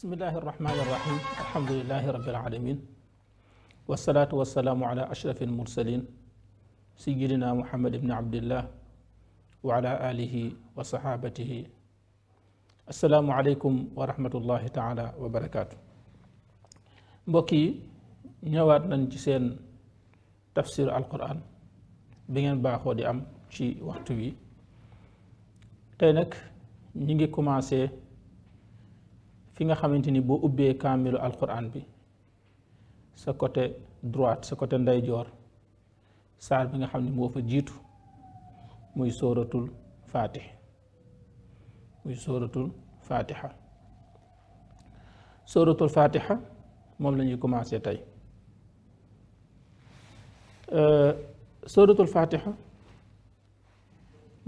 بسم الله الرحمن الرحيم الحمد لله رب العالمين والصلاة والسلام على أشرف المرسلين سيدنا محمد بن عبد الله وعلى آله وصحابته السلام عليكم ورحمة الله تعالى وبركاته بكي نيوات ننجسين تفسير القرآن بين باخو دي أم شي وقت تي نك نيجي كومانسي fi nga xamante ni boo ubbee kaamilu alquran bi sa côté droite sa côté ndeyjoor saar bi nga xam ne fa jiitu muy sóoratul fatix muy sóoratul fatixa sóoratul fatixa moom la ñuy commencé tey sóoratul fatixa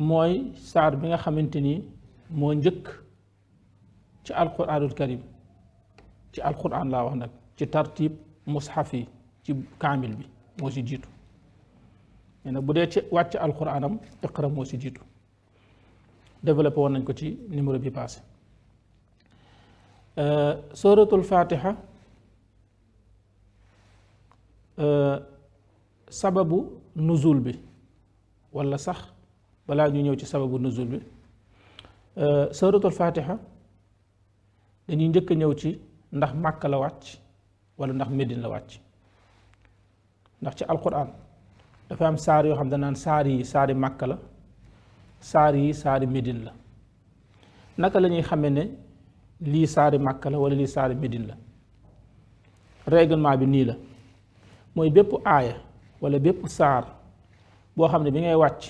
mooy saar bi nga xamante ni moo njëkk ci alquranul karim ci alquran laa wax nag ci tartib mushaf yi ci kaamil bi moo si jiitu nee na bu dee ci wàcc alquranam iqra moo si jiitu développé woon nañ ko ci numéro bi passé suratul fatiha sababu nuzul bi wala sax balaa ñu ñëw ci sababu nuzul bi suratul fatiha dañuy njëkk a ñëw ci ndax Màkka la wàcc wala ndax Médine la wàcc ndax ci alquran dafa am saar yoo xam danaan saar yi saari Màkka la saar yi saari medin la naka la ñuy xamee ne lii saari Màkka la wala lii saari Médine la règlement bi nii la mooy bépp aaya walla bépp saar boo xam ne bi ngay wàcc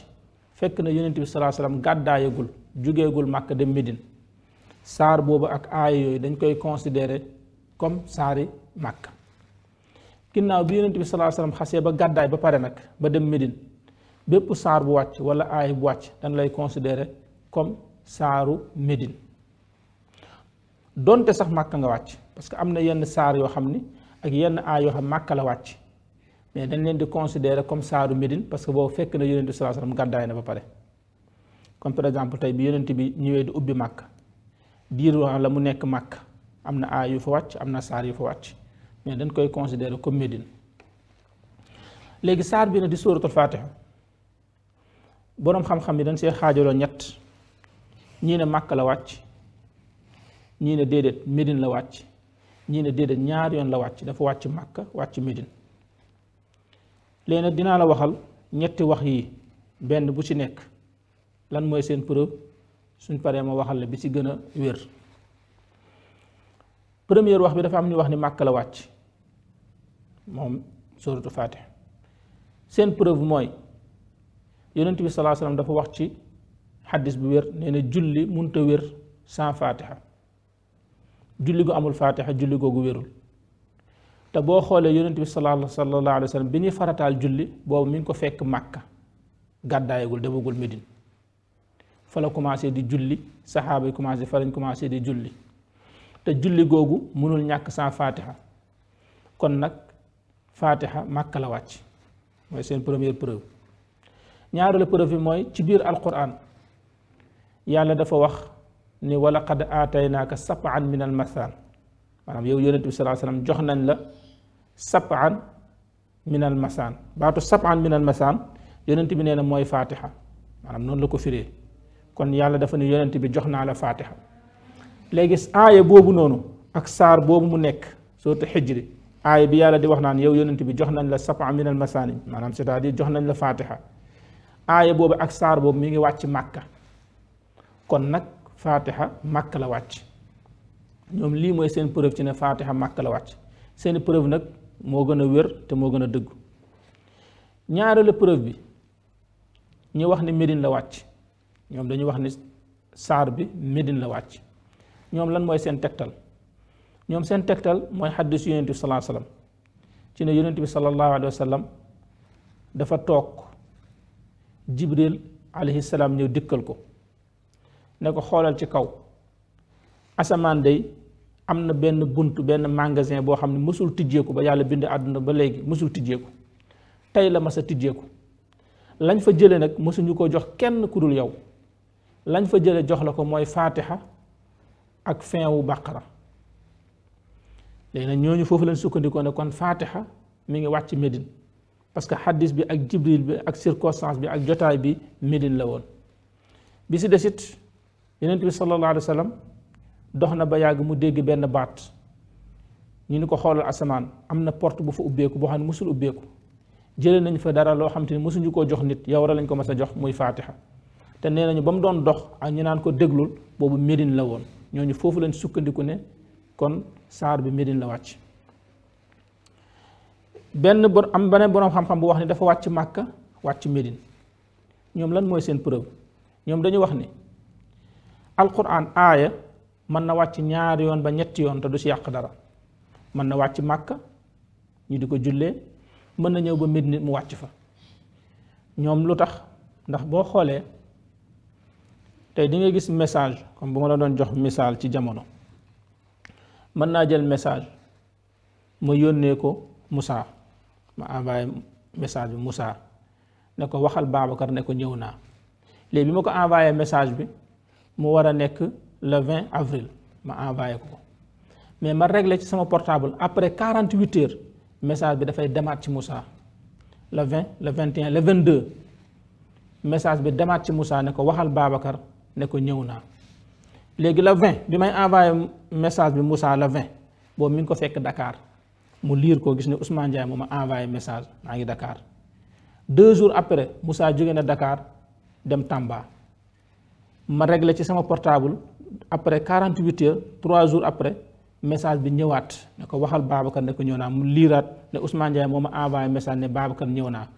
fekk na yonent bi salaa salaam gàddaayagul jógeegul Màkka dem Médine saar boobu ak aay yooyu dañ koy considéré comme saari màkk ginnaaw bi yonent bi sallallahu alayhi wasallam ba gàddaay ba pare nag ba dem Médine bépp saar bu wàcc wala aay bu wàcc dañ lay considéré comme saaru Médine donte sax màkk nga wàcc parce que am na yenn saar yoo xam ni ak yenn aay yoo xam màkk la wàcc mais dañ leen di considéré comme saaru Médine parce que boobu fekk na yonent bi sallallahu alayhi wasallam gàddaay na ba pare comme par exemple tey bi yonent bi ñëwee di ubbi màkk diir la mu nekk màkk am na aay yu fa wàcc am na saar yu fa wàcc mais dañ koy considérer comme Médine léegi saar bi na di sóoratul Fatiha boroom xam-xam yi dañ see xaajaloo ñett ñii ne màkk la wàcc ñii ne déedéet Médine la wàcc ñii ne déedéet ñaar yoon la wàcc dafa wàcc màkk wàcc Médine léegi nag dinaa la waxal ñetti wax yi benn bu ci nekk lan mooy seen preuve suñ paree ma waxal la bi ci gën a wér première wax bi dafa am ni wax ni màkk la wàcc moom suratu Faatiha seen preuve mooy yonent bi salaa dafa wax ci xaddis bu wér nee julli munta wér sans Faatiha julli gu amul Faatiha julli googu wérul te boo xoolee yonent bi sallallahu alayhi wa sallam bi ñuy farataal julli boobu mi ngi ko fekk màkka gàddaayagul demagul Medine فلا كما سيد جولي صحابة كما سيد فلان دي جولي تجولي جوجو منول نياك سان فاتحة كونك فاتحة ما كلاواتي ما يصير بروميير برو نيارو لبروفي موي تبير القرآن يا الله دفع وخ ني ولا قد آتيناك سبعا من المثال manam yow yonentou bi sallallahu alayhi wasallam jox nañ la sab'an min al masan baatu sab'an min al masan yonentou bi neena moy fatiha kon yàlla dafa ne yonent bi jox naa la faatiha léegi aaya boobu noonu ak saar boobu mu nekk surtout xijri aaya bi yàlla di wax naan yow yonent bi jox nañ la saba min al masaani maanaam cest à di jox nañ la faatiha aaya boobu ak saar boobu mi ngi wàcc màkka kon nag faatiha màkk la wàcc ñoom lii mooy seen preuve ci ne faatiha màkk la wàcc seen preuve nag moo gën a wér te moo gën a dëggu ñaareelu preuve bi ñu wax ni Médine la wàcc ñoom dañuy wax ni saar bi Médine la wàcc ñoom lan mooy seen tegtal ñoom seen tegtal mooy xaddis yonent bi salaa sallam ci ne yonent bi sallallahu alayhi wa dafa toog jibril alayhi salaam ñëw dikkal ko ne ko xoolal ci kaw asamaan day am na benn bunt benn magasin boo xam ne mësul tijjeeku ba yàlla bind àdduna ba léegi mësul tijjeeku tey la mas tijjeeku lañ fa jële nag mësuñu ko jox kenn ku dul yow lañ fa jële jox la ko mooy faatixa ak fin wu baqara léegi nag ñooñu foofu lañ sukkandikoo ne kon faatixa mi ngi wàcc Médine parce que xaddis bi ak jibril bi ak circonstance bi ak jotaay bi Médine la woon bi si desit yonent bi sallallahu alayhi wa sallam dox na ba yàgg mu dégg benn baat ñu ni ko xoolal asamaan am na porte bu fa ubbeeku boo xam ne mosul ubbeeku jële nañ fa dara loo xam te ne mosuñu koo jox nit yow war lañ ko mas a jox muy faatixa te nee nañu ba mu doon dox ak ñu naan ko déglul boobu Médine la woon ñoo ñooñu foofu lañ sukkandiku ne kon saar bi Médine la wàcc benn bor am beneen borom xam-xam bu wax ne dafa wàcc Màkka wàcc Médine ñoom lan mooy seen preuve ñoom dañu wax ni ne alquran aaya mën na wàcc ñaari yoon ba ñetti yoon te du ci yàq dara mën na wàcc Màkka ñu di ko jullee mën na ñëw ba Médine mu wàcc fa ñoom lu tax ndax boo xoolee tey di nga gis message comme bu ma la doon jox misaal ci jamono mën naa jël message ma yónnee ko Moussa ma envoyé message bi Moussa ne ko waxal Babacar ne ko ñëw naa léegi bi ma ko envoyé message bi mu war a nekk le 20 avril ma envoyé ko ko mais ma réglé ci sama portable après 48 heures message bi dafay demaat ci Moussa le vingt le 21 le 22 message bi demaat ci Moussa ne ko waxal Babacar. ne ko ñëw naa léegi la 20 bi may envoyé message bi Moussa la 20 boobu mi ngi ko fekk dakaar mu liir koo gis ne Ousmane Ndiaye moo ma envoyé message maa ngi Dakar deux jours après Moussa jóge na Dakar dem Tamba ma réglé ci sama portable après 48 heures 3 jours après message bi ñëwaat ne ko waxal Babacar ne ko ñëw naa mu liiraat ne Ousmane Ndiaye moo ma envoyé message ne Babacar ñëw naa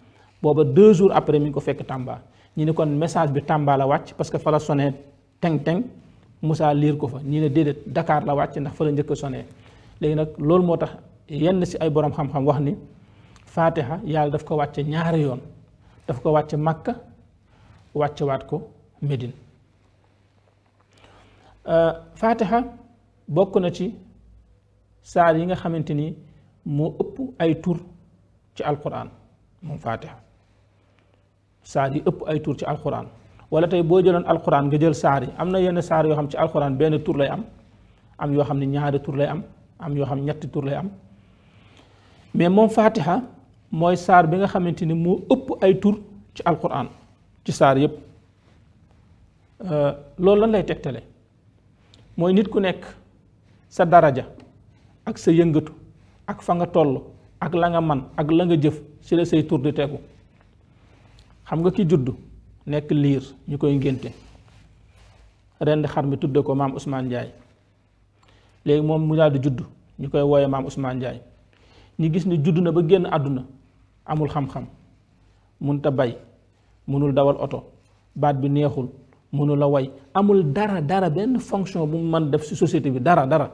booba deux jours après mi ngi ko fekk Tamba. ñu ne kon message bi tàmbaala la wàcc parce que fa la sonné teng-teng Moussa liir ko fa ñii ne déedéet Dakar la wàcc ndax fa la njëkk a léegi nag loolu moo tax yenn si ay borom xam-xam wax ni Fatiha yàlla daf ko wàcce ñaari yoon daf ko wàcce Makka wàcce waat ko Médine euh, Fatiha bokk na ci saar yi nga xamante ni moo ëpp ay tur ci alquran moom Fatiha saar yi ëpp ay tur ci alxuraan wala tey boo jëloon alxuraan nga jël saar yi am na yenn saar yoo xam ci alxuraan benn tur lay am am yoo xam ne ñaari tur lay am am yoo xam ñetti tur lay am mais moom faatiha mooy saar bi nga xamante ni moo ëpp ay tur ci alxuraan ci saar yëpp euh, loolu lan lay tegtale mooy nit ku nekk sa daraja ak sa yëngatu ak fa nga toll ak la nga man ak la nga jëf ci la say tur di tegu xam nga ki juddu nekk liir ñu koy ngénte rend xar mi tudd ko maam Ousmane Ndiaye léegi moom mu daal di juddu ñu koy wooye maam Ousmane Ndiaye ñu gis ni juddu na ba génn àdduna amul xam-xam munta bay munul dawal oto baat bi neexul munul woy amul dara dara benn fonction bu mu mën def ci société bi dara dara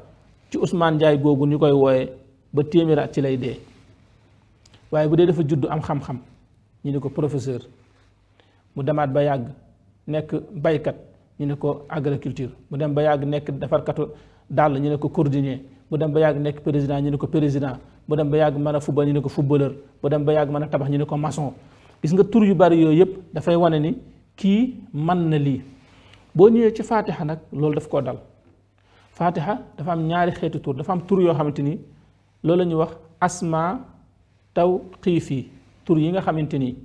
ci Ousmane Ndiaye googu ñu koy wooye ba téeméer at ci lay dee waaye bu dee dafa juddu am xam-xam ñu ne ko professeur mu demaat ba yàgg nekk baykat ñu ne ko agriculture mu dem ba yàgg nekk defarkatu dàll ñu ne ko cordonnier mu dem ba yàgg nekk président ñu ne ko président mu dem ba yàgg mën a football ñu ne ko footballeur mu dem ba yàgg mën a tabax ñu ne ko maçon gis nga tur yu bari yooyu yëpp dafay wane ni kii man na lii boo ñëwee ci faatixa nag loolu daf koo dal faatixa dafa am ñaari xeeti tur dafa am tur yoo xamante ni loolu la ñuy wax asma taw xiif yi tur yi nga xamante ni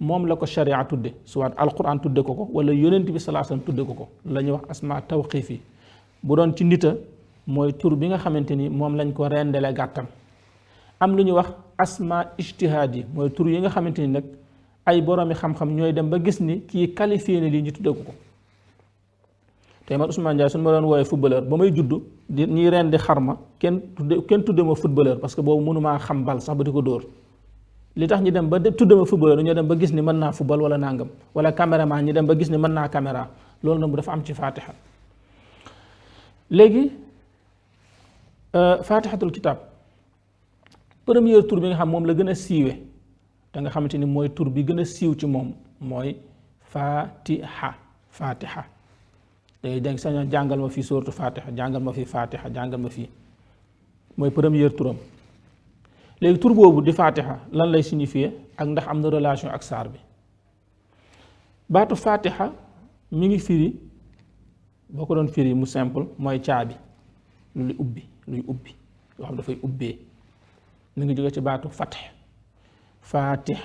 moom la ko sharia tudde soit alquran tudde ko ko wala yonent bi salaa sallam tudde ko ko la ñuy wax asma tawqif yi bu doon ci nita mooy tur bi nga xamante ni moom lañ ko rendele gàttan am lu ñu wax asma ijtihaad yi mooy tur yi nga xamante ni nag ay boroomi xam-xam ñooy dem ba gis ni kii qualifié na lii ñu tudde ko ko tey man Ousmane Ndiaye suñu ma doon woowee footballeur ba may juddu di ñiy rendi xar ma kenn tudde kenn tudde ma footballeur parce que boobu mënumaa xam sax ba di ko dóor li tax ñu dem ba tudd ma footballeur ñoo dem ba gis ni mën naa football wala nangam wala caméraman ñu dem ba gis ni mën naa caméra loolu nag dafa am ci fatiha léegi euh, fatihatul kitab premier tur bi nga xam moom la gën a siiwe da nga xamante ni mooy tur bi gën a siiw ci moom mooy fatiha fatiha léegi dégg sañoon jàngal ma fii sóortu fatiha jàngal ma fii fatiha jàngal ma fii mooy premier turam léegi tur boobu di fatiha lan lay signifier ak ndax am na relation ak saar bi baatu fatiha mu ngi firi boo ko doon firi mu simple mooy caabi lu ubbi luy ubbi yoo xam dafay ubbee mi ngi jóge ci baatu fatih fatih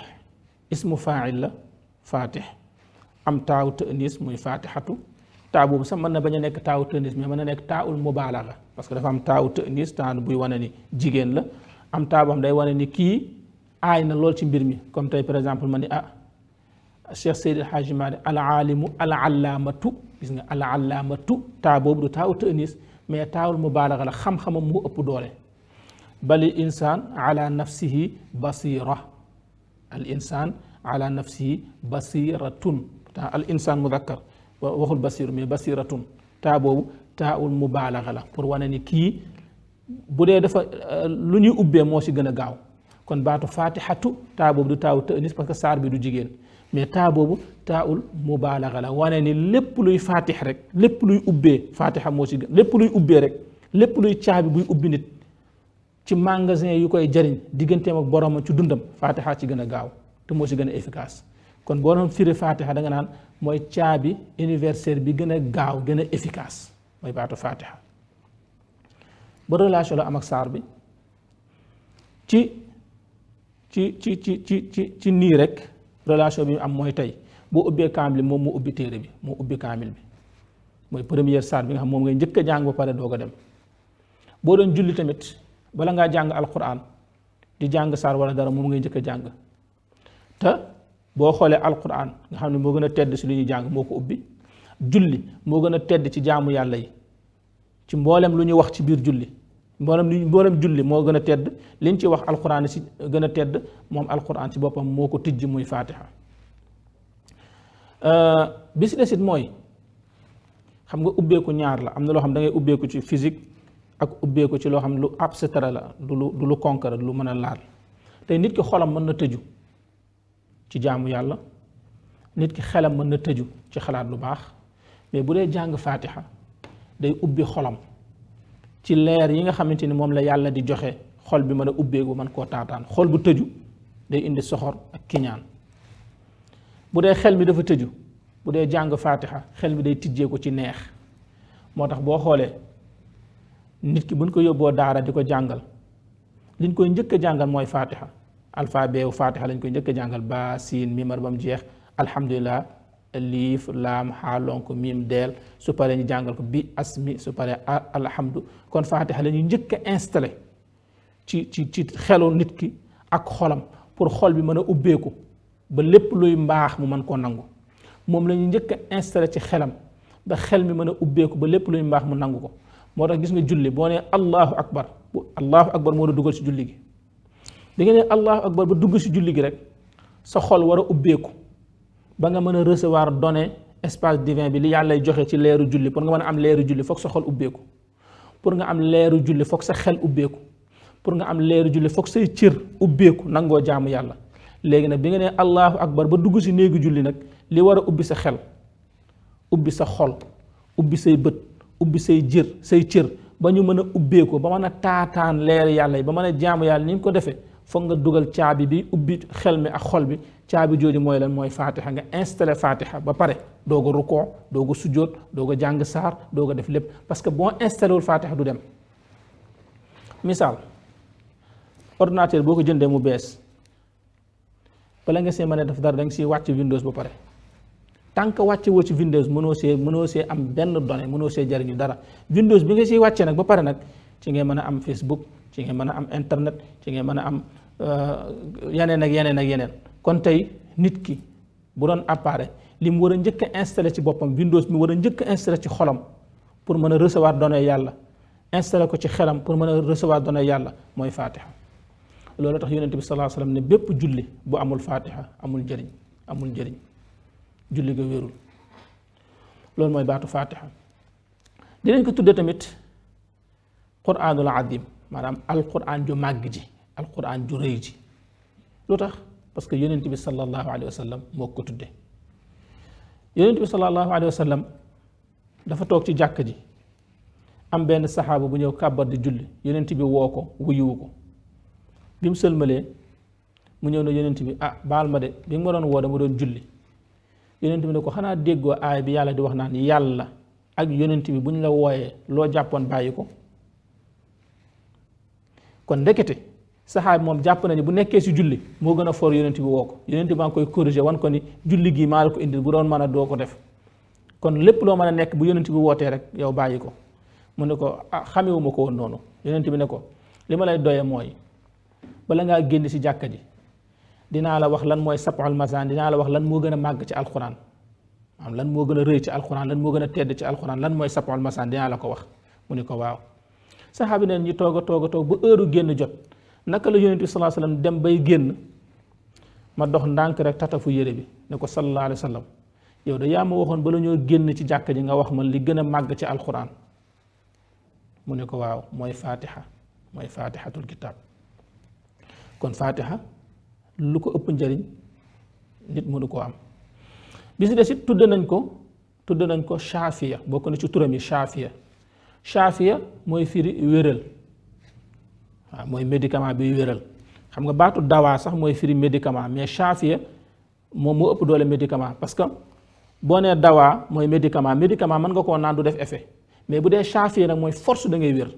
ismu fail la fatih am taawu tënis muy fatihatu taa boobu sax mën na bañ a nekk taawu tënis mais mën na nekk taawul mubaalaga parce que dafa am taawu tënis taan buy wane ni jigéen la am taa boo day wone ni ki aay na lool ci mbir mi comme tay par exemple ma ni ah Cheikh Seydi El haji Malick al alim al allamatu gis nga al allamatu ta bobu du taawu tënis mais tawul mubalagha la xam-xamam moo ëpp doole bali insan ala nafsihi basira al insan ala nafsihi basiratun taa al insaan mudakkar waxul basir mais basiratun taa boobu taawul mubalagha la pour wone ni ki bu dee dafa euh, lu ñuy ubbee moo ci gën a gaaw kon baatu faatixatu taa boobu du taawu tënis parce que saar bi du jigéen mais taa boobu taawul mubaalaga la wane ni lépp luy faatix rek lépp luy ubbee faatixa moo ci gën lépp luy ubbee rek lépp luy caabi buy ubbi nit ci magasin yu koy jariñ digganteem ak boromam ci dundam faatixa ci gën a gaaw te moo ci gën a efficace kon boo doon firi faatixa da nga naan mooy caabi universel bi gën a gaaw gën a efficace mooy baatu faatixa ba relation la am ak saar bi ci ci ci ci ci ci ci nii rek relation bi ñu am mooy tey boo ubbee kaamil bi moom moo ubbi téere bi moo ubbi kaamil bi mooy première saar bi nga xam moom ngay njëkk a jàng ba pare doo ko dem boo doon julli tamit bala ngaa jàng alquran di jàng saar wala dara moom ngay njëkk a jàng te boo xoolee alquran nga xam ne moo gën a tedd si lu ñuy jàng moo ko ubbi julli moo gën a tedd ci jaamu yàlla yi ci mboolem lu ñu wax ci biir julli mboolem lu ñu mboolem julli moo gën a tedd liñ ci wax alquran si gën a tedd moom alquran ci boppam moo ko tijj muy faatiha euh, bi si mooy xam nga ubbeeku ñaar la am na loo xam da ngay ubbeeku ci fisik ak ubbeeku ci loo xam lu abstrait la du lu du lu concret lu mën a laal tey nit ki xolam mën na tëju ci jaamu yàlla nit ki xelam mën na tëju ci xalaat lu baax mais bu dee jàng faatiha day ubbi xolam ci leer yi nga xamanteni mom la yàlla di joxe xol bi meuna a ubbeeku mën koo taataan xol bu tëju day indi soxor ak kiñaan bu dee xel mi dafa tëju bu dee jàng faatixa xel mi day tijjeeku ci neex moo tax boo xoolee nit ki buñ ko yóbboo daara di ko jàngal liñ koy njëkk a jàngal mooy faatixa alphabet wu faatixa lañ koy njëkk a jàngal ba siin mimar ba mu jeex alhamdulilah liif laam xaa lonk miim deel su paree ñu jàngal ko bi asmi su paree alhamdu kon fatiha la ñu njëkk a installé ci ci ci xelu nit ki ak xolam pour xol bi mën a ubbeeku ba lépp luy mbaax mu mën koo nangu moom la ñu njëkk a installé ci xelam ba xel mi mën a ubbeeku ba lépp luy mbaax mu nangu ko moo tax gis nga julli boo nee allahu akbar allahu akbar moo la dugal si julli gi da nga ne allahu akbar ba dugg si julli gi rek sa xol war a ubbeeku ba nga mën a recevoir donné espace divin bi li yàllay joxe ci leeru julli pour nga mën a am leeru julli foog sa xol ubbeeku pour nga am leeru julli foog sa xel ubbeeku pour nga am leeru julli foog say cër ubbeeku nangoo jaamu yàlla léegi nag bi nga ne allahu akbar ba dugg si néegu julli nag li war a ubbi sa xel ubbi sa xol ubbi say bët ubbi say jër say cër ba ñu mën a ubbeeku ba mën a taataan leer yàlla yi ba mën a jaamu yàlla ni ko defee foog nga dugal caabi bi ubbi xel mi ak xol bi caabi jooju mooy lan mooy fatiha nga installé fatiha ba pare doog a rukoo doog a sujjoot doog a jàng saar doog a def lépp parce que boo installé wul fatiha du dem misaal ordinateur boo ko jëndee mu bees bala nga see mën a def dara da nga siy wàcc Windows ba pare tant que wàcce woo ci Windows mënoo see mënoo see am benn donnée mënoo see jariñu dara Windows bi nga siy wàccee nag ba pare nag ci ngay mën a am Facebook ci nga mën a am internet ci nga mën a am euh, yeneen ak yeneen ak yeneen kon tey nit ki bu doon appareil li mu war a njëkk a installé ci boppam Windows mu war a njëkk a ci xolam pour mën a recevoir données yàlla installé ko ci xelam pour mën a recevoir données yàlla mooy Fatiha loolu tax yonent bi sallallahu alayhi wa ne bépp julli bu amul Fatiha amul njëriñ amul njëriñ julli ga wérul loolu mooy baatu Fatiha dinañ ko tuddee tamit Quraanul Aziim maanaam alquran ju màgg ji alquran ju rëy ji lu tax parce que yonent bi sallallahu alayhi wa sallam moo ko tudde yonent bi sallallahu dafa toog ci jàkk ji am benn saxaaba bu ñëw kàbbar di julli yonent bi woo ko wuyuwu ko bi mu sëlmalee mu ñëw na yonent bi ah baal ma de bi ma doon woo dama doon julli yonent bi ne ko xanaa déggoo aay bi yàlla di wax naan yàlla ak yonent bi bu ñu la wooyee loo jàppoon bàyyi ko kon ndekete saxaab moom jàpp nañu bu nekkee si julli moo gën a for yonent bi woo ko yonent bi maa ngi koy corrigé wan ko ni julli gi maa la ko indil bu doon mën a doo ko def kon lépp loo mën a nekk bu yonent bi wootee rek yow bàyyi ko mu ne ko ah xamewuma ko woon noonu yonent bi ne ko li ma lay doye mooy bala ngaa génn si jàkka ji dinaa la wax lan mooy sab'ul masaan dinaa la wax lan moo gën a màgg ci alxuraan am lan moo gën a rëy ci alxuraan lan moo gën a tedd ci alxuraan lan mooy sab'ul masaan dinaa la ko wax mu ne ko waaw saxaabi neen ñu toog a toog a ba heure génn jot naka la yonent bi salaa sallam dem bay génn ma dox ndànk rek tatafu yére bi ne ko sallallahu alayhi wa sallam yow de yaa ma waxoon ba la ñoo génn ci jàkk ji nga wax ma li gën a màgg ci alquran mu ne ko waaw mooy fatiha mooy fatihatul kitab kon fatiha lu ko ëpp njariñ nit mënu ko am bi su des it tudd nañ ko tudd nañ ko shaafiya bokk na ci turam yi shaafiya shafiya moy firi wéral waaw médicament bi wéral xam nga batu dawa sax moy firi médicament mais shaafiya moom mo ëpp doole médicament parce que bo né dawa moy médicament médicament man nga ko nandu def effet mais bu dé shaafiya nak moy force da ngay wër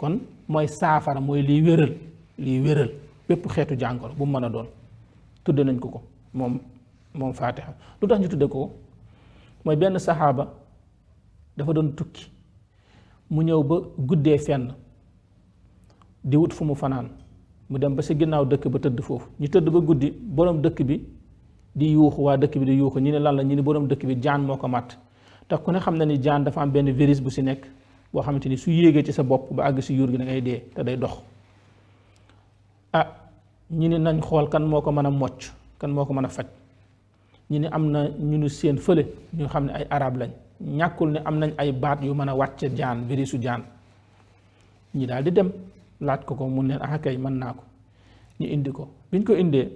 kon moy safara moy li wéral li wéral bépp xétu jangor bu mëna doon tudde nañ ko ko mom mom fatiha lutax ñu tudde ko moy ben sahaba dafa doon tukki mu ñëw ba guddee fenn di wut fu mu fanaan mu dem ba si ginnaaw dëkk ba tëdd foofu ñu tëdd ba guddi borom dëkk bi di yuuxu waa dëkk bi di yuuxu ñu ne lan la ñu ne borom dëkk bi jaan moo ko matt te ku ne xam na ni jaan dafa am benn virus bu si nekk boo xamante ni su yéegee ci sa bopp ba àgg si yuur gi da ngay dee te day dox ah ñu ne nañ xool kan moo ko mën a mocc kan moo ko mën a faj ñu ne am na ñu nu seen fële ñu xam ne ay arab lañ ñàkkul ne am nañ ay baat yu mën a wàcce jaan virisu jaan ñi daal di dem laaj ko ko mun leen ah kay mën naa ko ñu indi ko biñ ko indee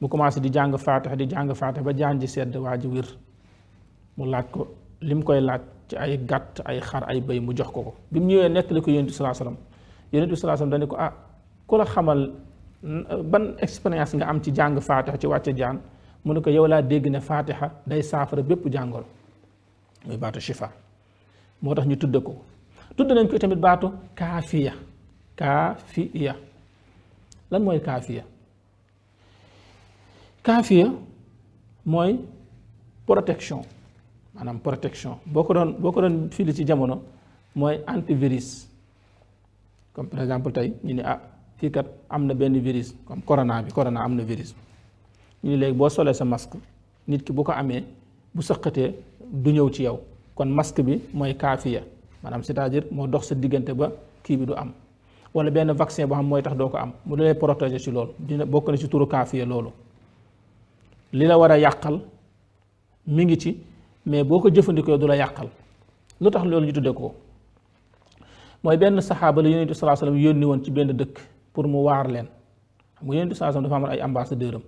mu commencé di jàng faatixa di jàng faatixa ba jaan ji sedd waa ji wér mu laaj ko li mu koy laaj ci ay gàtt ay xar ay bëy mu jox ko ko bi mu ñëwee nettali ko yonent bi salaa salaam yonent bi salaa ko ah ku la xamal ban expérience nga am ci jàng faatixa ci wàcce jaan mu ne ko yow laa dégg ne faatixa day saafara bépp jàngoro muy baatu shifa moo tax ñu tudd ko tudd nañ ko tamit baatu kaafiya kaafiya lan mooy kaafiya kaafiya mooy protection maanaam protection boo ko doon boo ko doon fii fili ci jamono mooy antivirus comme par exemple tey ñu ni ah fii kat am na benn virus comme corona bi corona am na virus ñu ne léegi boo solee sa masque nit ki bu ko amee bu sëqatee du ñëw ci yow kon masque bi mooy kaafiya maanaam cest moo dox sa diggante ba kii bi du am wala benn vaccin boo xam mooy tax doo ko am mu dalay protéger ci lool dina bokk na ci turu kaafiya loolu li la war a yàqal mi ngi ci mais boo ko jëfandikoo du la yàqal lu tax loolu ñu tudde ko mooy benn saxaaba la yonent bi sallallahu alayhi wasallam woon ci benn dëkk pour mu waar leen xam nga yonent bi sallallahu alayhi wasallam dafa am ay ambassadeur am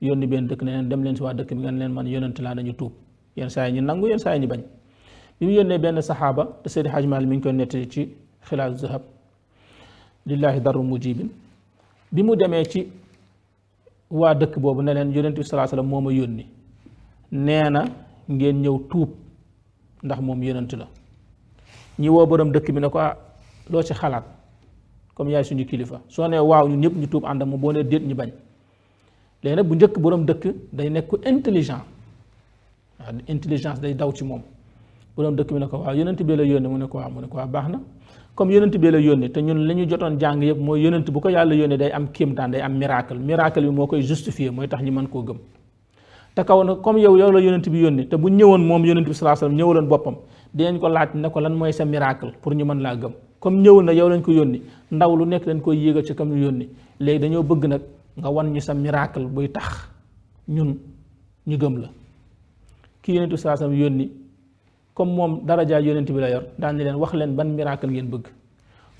yónni benn dëkk ne leen dem leen si waa dëkk bi ngeen leen man yonent laa dañu tuub yenn saa ñu nangu yenn saa ñu bañ bi mu yónnee ben sahaba te sayyid Hajj Maalik mi ngi ko netti ci xilaas zahab lillahi darru mujibin bi mu deme ci wa dëkk bobu ne len yaronte sallallahu salaa wasallam moma ma yónni nee ngeen ñëw tuup ndax mom yonent la ñi wo borom dëkk bi ne ko ah lo ci xalaat comme yaay suñu kilifa so ne waaw ñun ñep ñu tuup andam ak moom boo déet ñu bañ léegi nag bu njëkk borom dëkk day nekk intelligent intelligence day daw ci moom borom dëkk bi ne ko waaw yonent bee la yónni mu ne ko waaw mu ne ko waaw baax na comme yonent bee la yónni te ñun li jotoon jàng yëpp mooy yonent bu ko yàlla yónni day am kéemtaan day am miracle miracle bi moo koy justifié mooy tax ñu koo gëm te kaw na comme yow yow bi yónni te bu ñëwoon moom yonent bi sallallahu alayhi wasallam ñëwaloon boppam dinañ ko laaj ne ko lan mooy sa miracle pour ñu mën laa gëm comme ñëwul na yow lañ ko yónni ndaw lu nekk dañ koy yéegal ci kam ñu yónni léegi dañoo bëgg nag nga wan ñu sa miracle buy tax ñun ñu gëm la ki yonentu saa sam yónni comme moom daraja yonent bi la yor daan ne leen wax leen ban miracle ngeen bëgg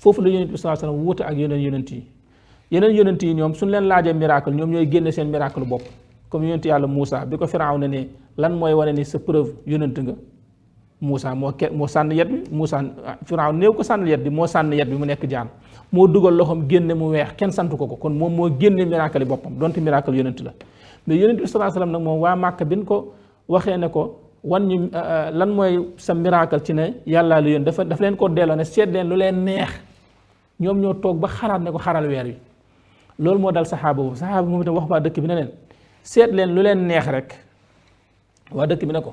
foofu la yonentu saa sam wuute ak yeneen yonent yi yeneen yonent yi ñoom suñ leen laajee miracle ñoom ñooy génne seen miracle bopp comme yonent yàlla Moussa bi ko Firaaw na ne lan mooy wane ni sa preuve yonent nga Moussa moo ke moo sànn yet bi Moussa Firaaw néew ko sànn yet bi moo sànn yet bi mu nekk jaan moo dugal loxoom génne mu weex kenn sant ko ko kon moom moo génne miracle yi donte miracle yonent la bi sallallahu ko waxé ne ko wan ñu lan moy sa miracle ci ne yalla lu yoon dafa daf leen ko délo ne seet leen lu leen neex ñom ñoo tok ba xaraat ne ko xaral wër wi lool mo dal sahaba bu sahaba mo itam wax ba dëkk bi ne leen seet leen lu leen neex rek wa dëkk bi ne ko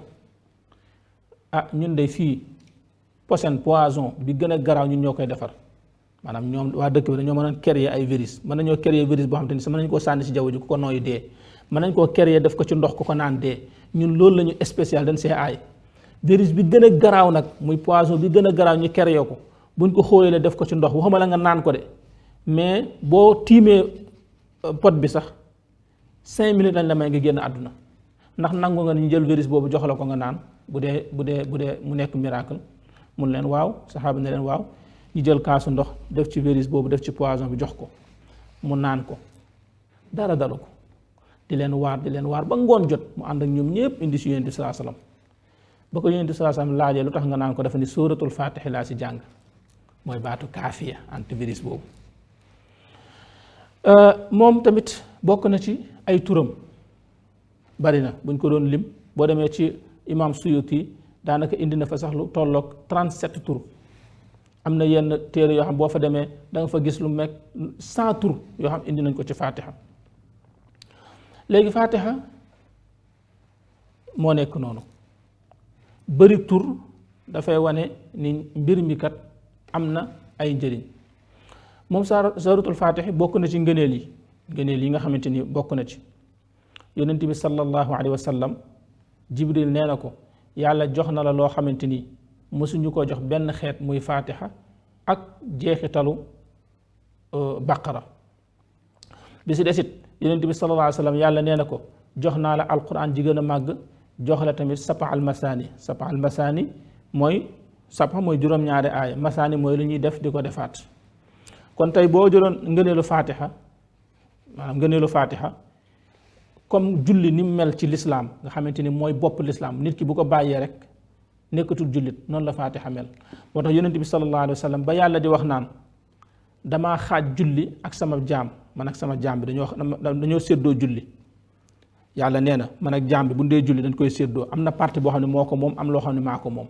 ah ñun de fi poison poison bi gëna a ñun ñokay defar manam ñom wa dëkk bi ñoo mën créer ay virus mën nañoo créer virus bo xamanteni sama nañ ko sànni ci jawu ji ko noy dé mën nañ koo créer def ko ci ndox ko ko naan dé ñun loolu la ñu spécial dañ see aay virus bi gën a garaaw nag muy poison bi gën a garaaw ñu keree ko bu buñ ko xóolee def ko ci ndox waxuma la nga naan ko de mais boo tiimee euh, pot bi sax cinq minutes lañ la may ngi génn àdduna ndax nangu nga ñu jël virus boobu jox la ko nga naan bu dee bu dee bu dee mu nekk miracle mun leen waaw saxaaba ne leen waaw ñu jël kaasu ndox def ci virus boobu def ci poison bi jox ko mu naan ko dara dalu ko di len war di len war ba ngon jot mu and ak ñom ñepp indi ci yunus bi salaa salaam ba ko yonent bi salaa salaam laajee nga nan ko dafa ni suuratul faatixi laa si jàng mooy baatu kaafiya antivirus euh mom tamit bok na ci ay turam bari na buñ ko doon lim bo demee ci imam suyuti danaka indi na fa sax lu tolok 37 tur amna yenn téré yo xam bo fa démé da nga fa gis lu mek 100 tur yo xam indi nañ ko ci fatiha léegi faatiha moo nekk noonu bëri tur dafay wane ni mbir mi kat am na ay njëriñ moom saa suratul faatiha bokk na ci ngëneel yi ngëneel yi nga xamante ni bokk na ci yonent bi sallallahu alayhi wa sallam jibril nee na ko yàlla jox na la loo xamante ni mësuñu ko jox benn xeet muy faatiha ak jeexitalu baqara bi si desit yonent bi sallallahu alayhi wa sallam yàlla nee na ko jox naa la alquran ji gën a màgg jox la tamit sapa al masaani sapa al masaani mooy sapa mooy juróom-ñaari aaya masaani mooy lu ñuy def di ko defaat kon tey boo jëloon ngëneelu faatiha maanaam ngëneelu faatiha comme julli ni mel ci lislaam nga xamante ni mooy bopp lislaam nit ki bu ko bàyyee rek nekkatul jullit noonu la faatiha mel moo tax yonent bi sallallahu alayhi wa sallam ba yàlla di wax naan damaa xaaj julli ak sama jaam man ak sama jambi dañu wax dañu seddo julli yàlla neena na man ak jaam bu ndey julli dañ koy seddo amna parti bo xamni moko mom am lo xamni mako mom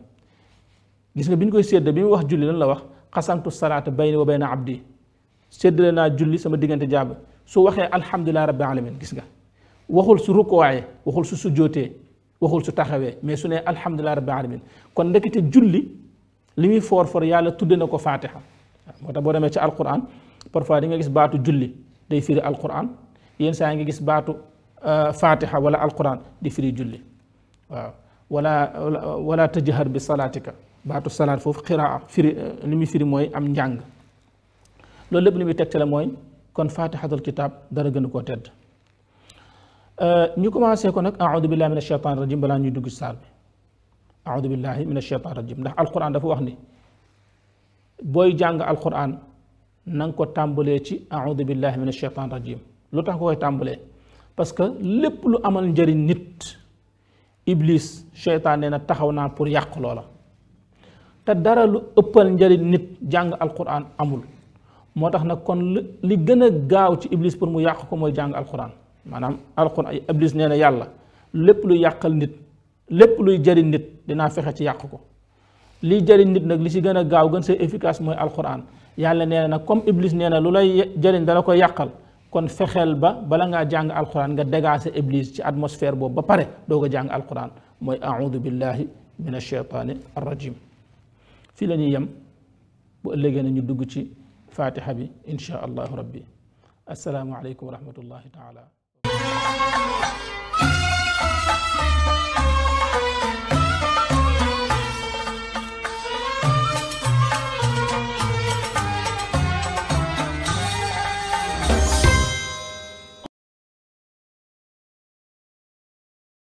gis nga biñ koy sedd bi wax julli lan la wax qasamtu salata bayni wa bayna abdi séddale naa julli sama digante jaam su waxe alhamdulilah rabbil alamin gis nga waxul su rukkooyee waxul su sujote waxul su taxawé mais su ne alhamdulilah rabbil alamin kon ndekete julli limi for for yàlla tudde nako fatiha motax bo démé ci alquran parfois di nga gis batu julli day firi alquran yeen sa nga gis baatu fatiha wala alquran di firi julli waaw wala wala tajhar bi salatika baatu salat fofu qiraa firi limi firi moy am njàng lolou lépp limi muy tegtale mooy kon fatihatul kitab dara gën ko tedd ñu commencé ko nak a'udhu billahi minash shaitanir rajim bala ñu dugg sal bi a'udhu billahi minash shaitanir rajim ndax alquran dafa wax ni boy jàng alquran nanga ko tàmbalee ci audu billahi min ashaitan rajim lu tax ko koy tàmbalee parce que lépp lu amal njariñ nit iblis sheytaan nee na taxaw naa pour yàq loola te dara lu ëppal njëriñ nit jàng alquran amul moo tax nag kon li gën a gaaw ci iblis pour mu yàq ko mooy jàng alquran maanaam alquran iblis nee na yàlla lépp lu yàqal nit lépp luy jëriñ nit dinaa fexe ci yàq ko li jariñ nit nak li ci gëna gaaw gën see efficace moy alxuraan yàlla neena nak comme iblis neena lulay jariñ da la ko yakal kon fexel ba bala nga jàng alxuraan nga dégager iblis ci atmosphère bob ba pare do ko jàng alxuraan moy a'udhu billahi minash shaitani arrajim fi la yam bu ëllëgé na ñu dugg ci fatiha bi insha allah rabbi assalamu alaykum wa rahmatullahi taala